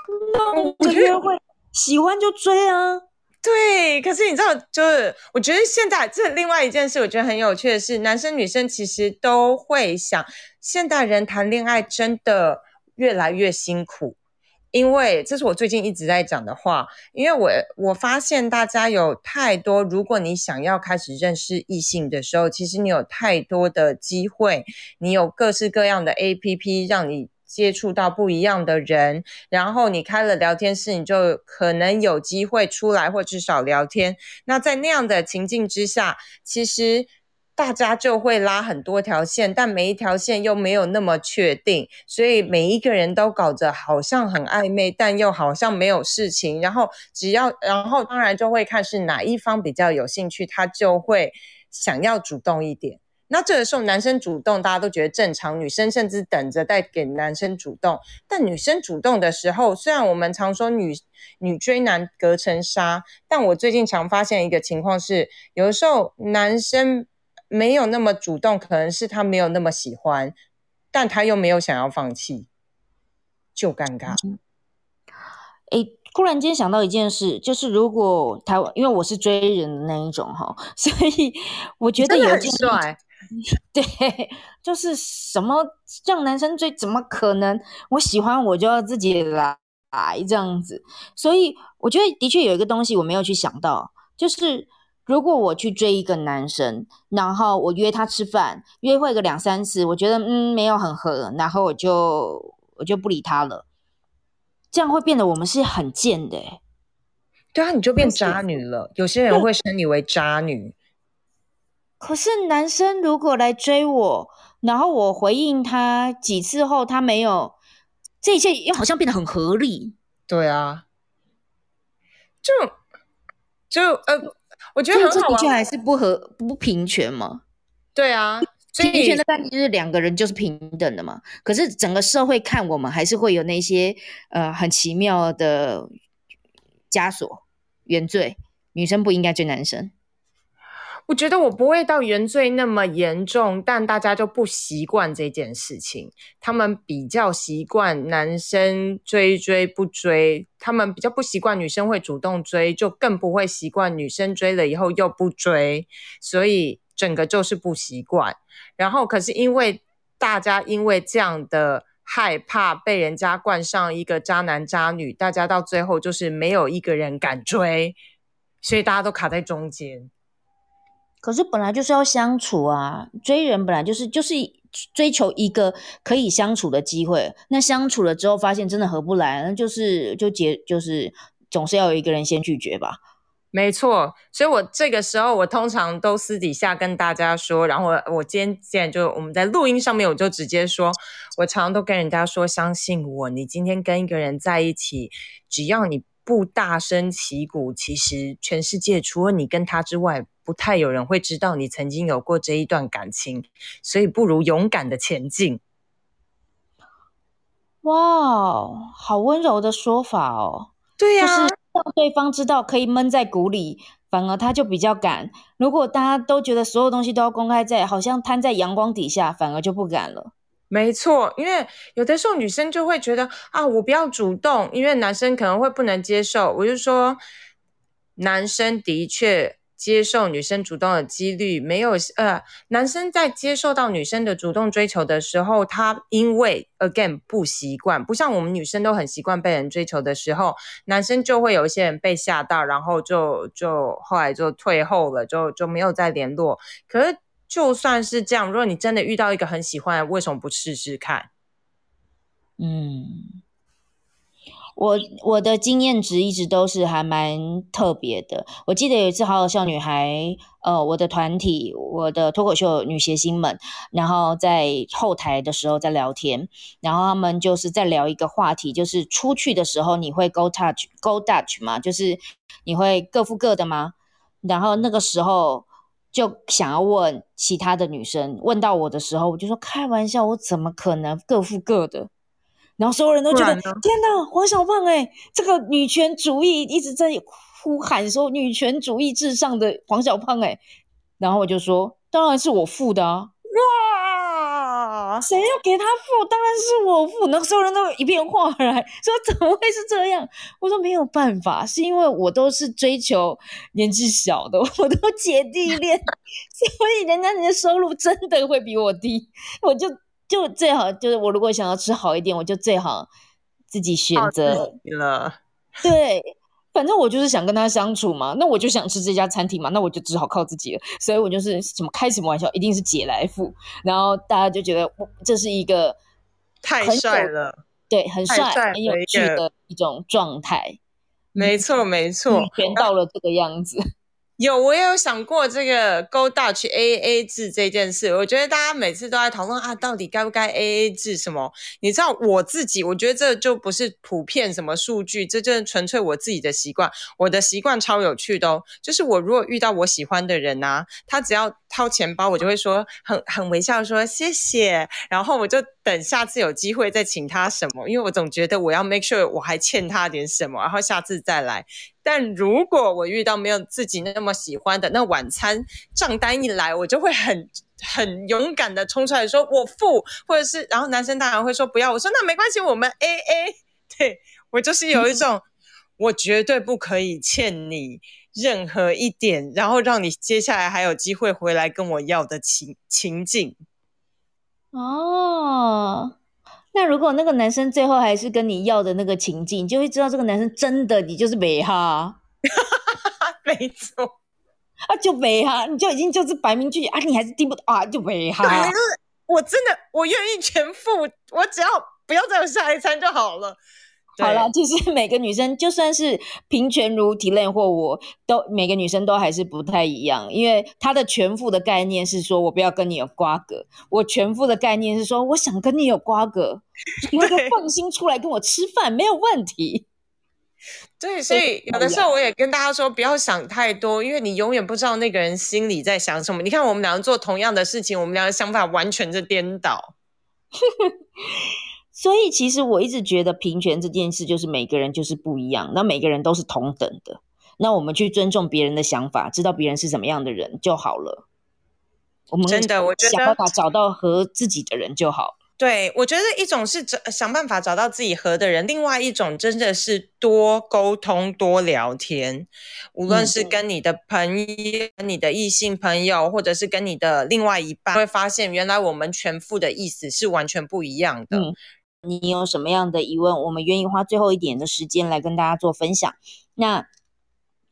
我覺得我會喜歡就追啊。對，可是你知道，就是我覺得現在這另外一件事，我覺得很有趣的是，男生女生其實都會想，現代人談戀愛真的越來越辛苦。因為這是我最近一直在講的話，因為我我發現大家有太多，如果你想要開始認識異性的時候，其實你有太多的機會，你有各式各樣的 APP 讓你接觸到不一樣的人，然後你開了聊天室，你就可能有機會出來或至少聊天。那在那樣的情境之下，其實。大家就會拉很多條線，但每一條線又沒有那麼確定，所以每一個人都搞得好像很曖昧，但又好像沒有事情。然後只要然後當然就會看是哪一方比較有興趣，他就會想要主動一點。那這個時候男生主動，大家都覺得正常；女生甚至等着再給男生主動。但女生主動的時候，雖然我們常說女女追男隔層紗，但我最近常發現一個情況是，有的時候男生。沒有那麼主動，可能是他沒有那麼喜歡，但他又沒有想要放棄，就尷尬。嗯、誒突然間想到一件事，就是如果他，因為我是追人的那一種哈，所以我覺得有一件，的 對，就是什麼讓男生追？怎麼可能？我喜歡我就要自己來這樣子，所以我覺得的確有一個東西我沒有去想到，就是。如果我去追一個男生，然後我約他吃飯，約會個兩三次，我覺得嗯沒有很合，然後我就我就不理他了，這樣會變得我們是很賤的，欸，對啊，你就變渣女了。是有些人會稱你為渣女，嗯。可是男生如果來追我，然後我回應他幾次後，他沒有，這一切又好像變得很合理。對啊，就就呃。嗯。我覺得很好，這的確還是不和不平權嘛。對啊，平權的概念是兩個人就是平等的嘛。可是整個社會看我們，還是會有那些呃很奇妙的枷鎖、原罪。女生不應該追男生。我覺得我不會到原罪那麼嚴重，但大家就不習慣這件事情。他們比較習慣男生追追不追，他們比較不習慣女生會主動追，就更不會習慣女生追了以後又不追。所以整個就是不習慣。然後可是因為大家因為這樣的害怕被人家冠上一個渣男渣女，大家到最後就是沒有一個人敢追，所以大家都卡在中間。可是本來就是要相處啊，追人本來就是就是追求一個可以相處的機會。那相處了之後，發現真的合不來，那就是就結，就是總是要有一個人先拒絕吧。沒錯，所以我這個時候我通常都私底下跟大家說，然後我我今天既然就我們在錄音上面，我就直接說，我常常都跟人家說，相信我，你今天跟一個人在一起，只要你不大聲旗鼓，其實全世界除了你跟他之外。不太有人會知道你曾經有過這一段感情，所以不如勇敢的前進。哇，wow，好溫柔的說法哦。對呀、啊，讓對方知道可以蒙在鼓裡，反而他就比較敢。如果大家都覺得所有東西都要公開在，在好像攤在陽光底下，反而就不敢了。沒錯，因為有的時候女生就會覺得啊，我不要主動，因為男生可能會不能接受。我就說，男生的確。接受女生主動的幾率沒有，呃，男生在接受到女生的主動追求的時候，他因為 again 不習慣，不像我們女生都很習慣被人追求的時候，男生就會有一些人被嚇到，然後就就後來就退後了，就就沒有再聯絡。可是就算是這樣，如果你真的遇到一個很喜歡，為什麼不試試看？嗯。我我的經驗值一直都是還蠻特別的。我記得有一次好好笑，女孩，呃，我的團體，我的脫口秀女諧星們，然後在後台的時候在聊天，然後他們就是在聊一個話題，就是出去的時候你會 go Dutch go Dutch 嗎？就是你會各付各的嗎？然後那個時候就想要問其他的女生，問到我的時候，我就說開玩笑，我怎麼可能各付各的？然後所有人都覺得，天吶黃小胖哎、欸，這個女權主義一直在呼喊說女權主義至上的黃小胖哎、欸，然後我就說當然是我付的啊，哇、啊，誰要給他付？當然是我付。然後所有人都有一片譁然，說，怎麼會是這樣？我說沒有辦法，是因為我都是追求年紀小的，我都姐弟戀， 所以人家人的收入真的會比我低，我就。就最好就是我如果想要吃好一點，我就最好自己選擇了。對，反正我就是想跟他相處嘛，那我就想吃這家餐廳嘛，那我就只好靠自己了。所以我就是什麼開什麼玩笑，一定是姐來付。然後大家就覺得這是一個太帥了，對，很帥,太帥很有趣的一種狀態。沒錯，沒錯，演、嗯、到了這個樣子。啊有，我也有想過這個 go Dutch A A 制這件事。我覺得大家每次都在討論啊，到底該不該 A A 制什麼？你知道我自己，我覺得這就不是普遍什麼數據，這就是純粹我自己的習慣。我的習慣超有趣的哦，就是我如果遇到我喜歡的人啊，他只要。掏錢包，我就會說很很微笑說謝謝，然後我就等下次有機會再請他什麼，因為我總覺得我要 make sure 我還欠他點什麼，然後下次再來。但如果我遇到沒有自己那麼喜歡的那，晚餐賬單一來，我就會很很勇敢的衝出來說我付，或者是，然後男生當然會說不要，我說那沒關係，我們 AA，對，我就是有一種、嗯、我絕對不可以欠你。任何一點，然後讓你接下來還有機會回來跟我要的情情境。哦，那如果那個男生最後還是跟你要的那個情景，你就會知道這個男生真的你就是沒哈， 沒錯，啊就沒哈，你就已經就是擺明拒絕啊，你還是聽不懂啊就沒哈，我真的我願意全付，我只要不要再有下一餐就好了。對好了，其、就、實、是、每個女生，就算是平權如 Tilaine 或我都，每個女生都還是不太一樣，因為她的全付的概念是說，我不要跟你有瓜葛；我全付的概念是說，我想跟你有瓜葛，你就放心出來跟我吃飯，對沒有問題。對，所以有的時候我也跟大家說，不要想太多，因為你永遠不知道那個人心裡在想什麼。你看，我們倆做同樣的事情，我們倆的想法完全是顛倒。 所以，其實我一直覺得平權這件事，就是每個人就是不一樣，那每個人都是同等的。那我們去尊重別人的想法，知道別人是怎麼樣的人就好了。我們真的，我覺得想辦法找到和自己的人就好，對，我覺得一種是想辦法找到自己和的人，另外一種真的是多溝通、多聊天，無論是跟你的朋友、嗯、跟你的異性朋友，或者是跟你的另外一半，會發現原來我們全部的意思是完全不一樣的。嗯你有什麼樣的疑問，我們願意花最後一點的時間來跟大家做分享。那，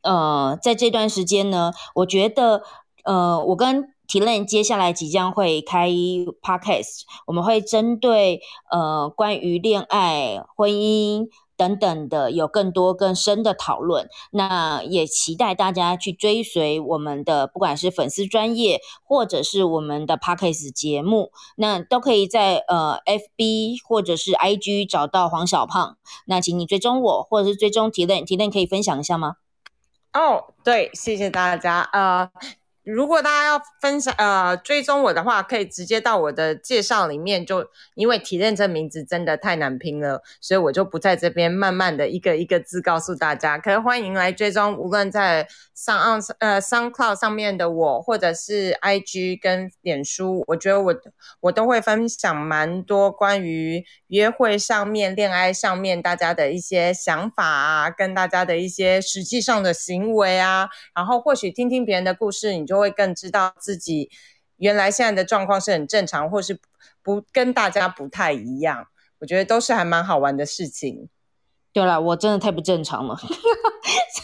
呃，在這段時間呢，我覺得，呃，我跟 Tilaine 接下來即將會開 Podcast，我們會針對呃關於戀愛、婚姻。等等的有更多更深的討論，那也期待大家去追隨我們的，不管是粉絲專業，或者是我們的 Podcast 節目，那都可以在呃 FB 或者是 IG 找到黃小胖。那請你追蹤我，或者是追蹤 Tilaine，Tilaine，可以分享一下嗎？哦，oh, 對，謝謝大家啊。Uh 如果大家要分享呃追蹤我的話，可以直接到我的介紹裡面就，因為 Tilaine 這名字真的太難拼了，所以我就不在這邊慢慢的一個一個字告訴大家。可是歡迎來追蹤，無論在 SoundOn 呃 SoundClub 上面的我，或者是 IG 跟臉書，我覺得我我都會分享蠻多關於約會上面、戀愛上面大家的一些想法啊，跟大家的一些實際上的行為啊，然後或許聽聽別人的故事，你就，都會更知道自己原來現在的狀況是很正常，或是不，不跟大家不太一樣。我覺得都是還蠻好玩的事情。對了，我真的太不正常了，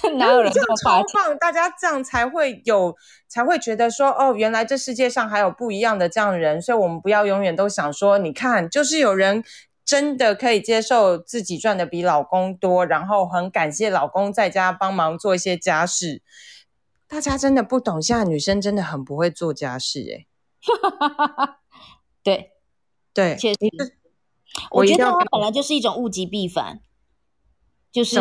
這 哪有人這麼白？超大家這樣才會有，才會覺得說，哦，原來這世界上還有不一樣的這樣人。所以，我們不要永遠都想說，你看，就是有人真的可以接受自己賺的比老公多，然後很感謝老公在家幫忙做一些家事。大家真的不懂，現在女生真的很不會做家事。欸，哎， 對，對，確實，這我，我覺得它本來就是一種物極必反，就是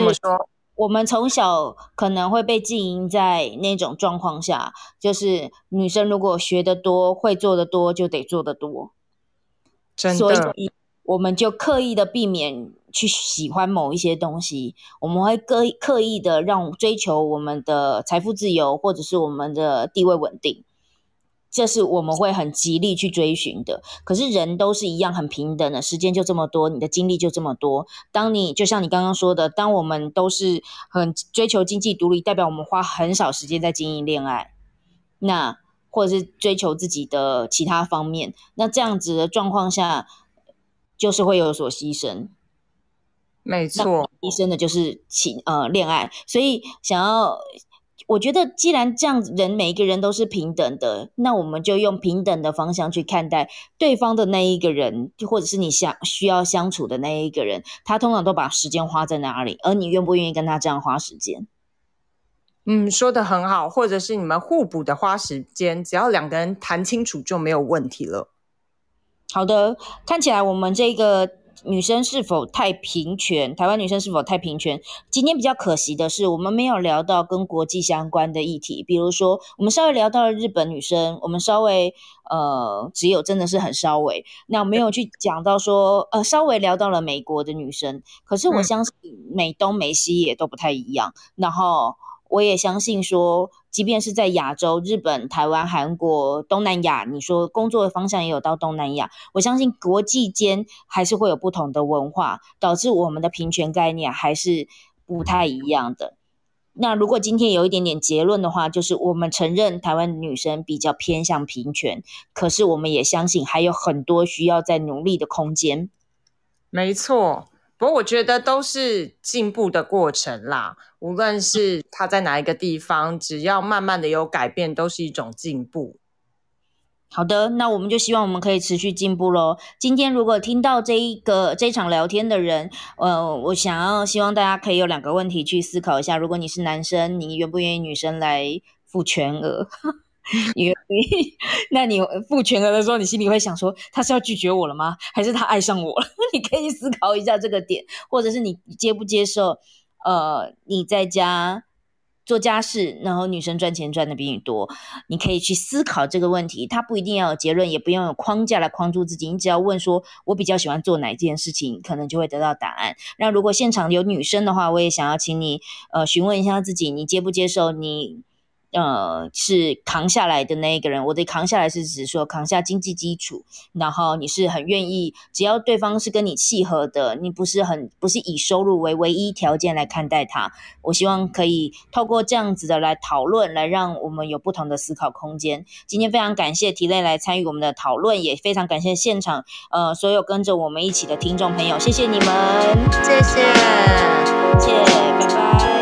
我們從小可能會被禁錮在那種狀況下，就是女生如果學得多，會做得多，就得做得多，真的，所以我們就刻意的避免，去喜歡某一些東西，我們會刻意刻意的讓追求我們的財富自由，或者是我們的地位穩定，這是我們會很極力去追尋的。可是人都是一樣很平等的，時間就這麼多，你的精力就這麼多。當你就像你剛剛說的，當我們都是很追求經濟獨立，代表我們花很少時間在經營戀愛，那或者是追求自己的其他方面，那這樣子的狀況下，就是會有所犧牲。沒錯，醫生的就是情呃戀愛，所以想要我覺得既然這樣子，人每一個人都是平等的，那我們就用平等的方向去看待對方的那一個人，或者是你想需要相處的那一個人，他通常都把時間花在哪裡，而你願不願意跟他這樣花時間？嗯，說的很好，或者是你們互補的花時間，只要兩個人談清楚就沒有問題了。好的，看起來我們這個。女生是否太平權？台灣女生是否太平權？今天比較可惜的是，我們沒有聊到跟國際相關的議題，比如說我們稍微聊到了日本女生，我們稍微呃只有真的是很稍微，那我沒有去講到說呃稍微聊到了美國的女生，可是我相信美東美西也都不太一樣，然後我也相信說。即便是在亞洲、日本、台灣、韓國、東南亞，你說工作的方向也有到東南亞。我相信國際間還是會有不同的文化，導致我們的平權概念還是不太一樣的。那如果今天有一點點結論的話，就是我們承認台灣女生比較偏向平權，可是我們也相信還有很多需要再努力的空間。沒錯。不過我覺得都是進步的過程啦，無論是他在哪一個地方，只要慢慢的有改變，都是一種進步。好的，那我們就希望我們可以持續進步咯。今天如果聽到這一個這一場聊天的人，呃，我想要希望大家可以有兩個問題去思考一下：如果你是男生，你願不願意女生來付全額？ 你，那你付全額的時候，你心裡會想說，他是要拒絕我了嗎？還是他愛上我了？你可以思考一下這個點，或者是你接不接受？呃，你在家做家事，然後女生賺錢賺的比你多，你可以去思考這個問題。他不一定要有結論，也不用有框架來框住自己。你只要問說，我比較喜歡做哪件事情，可能就會得到答案。那如果現場有女生的話，我也想要請你，呃，詢問一下自己，你接不接受？你。呃，是扛下來的那一個人。我的扛下來是指說扛下經濟基礎，然後你是很願意，只要對方是跟你契合的，你不是很不是以收入為唯一條件來看待他。我希望可以透過這樣子的來討論，來讓我們有不同的思考空間。今天非常感謝 Tilaine 來參與我們的討論，也非常感謝現場呃所有跟着我們一起的聽眾朋友，謝謝你們，謝謝，謝謝，拜拜。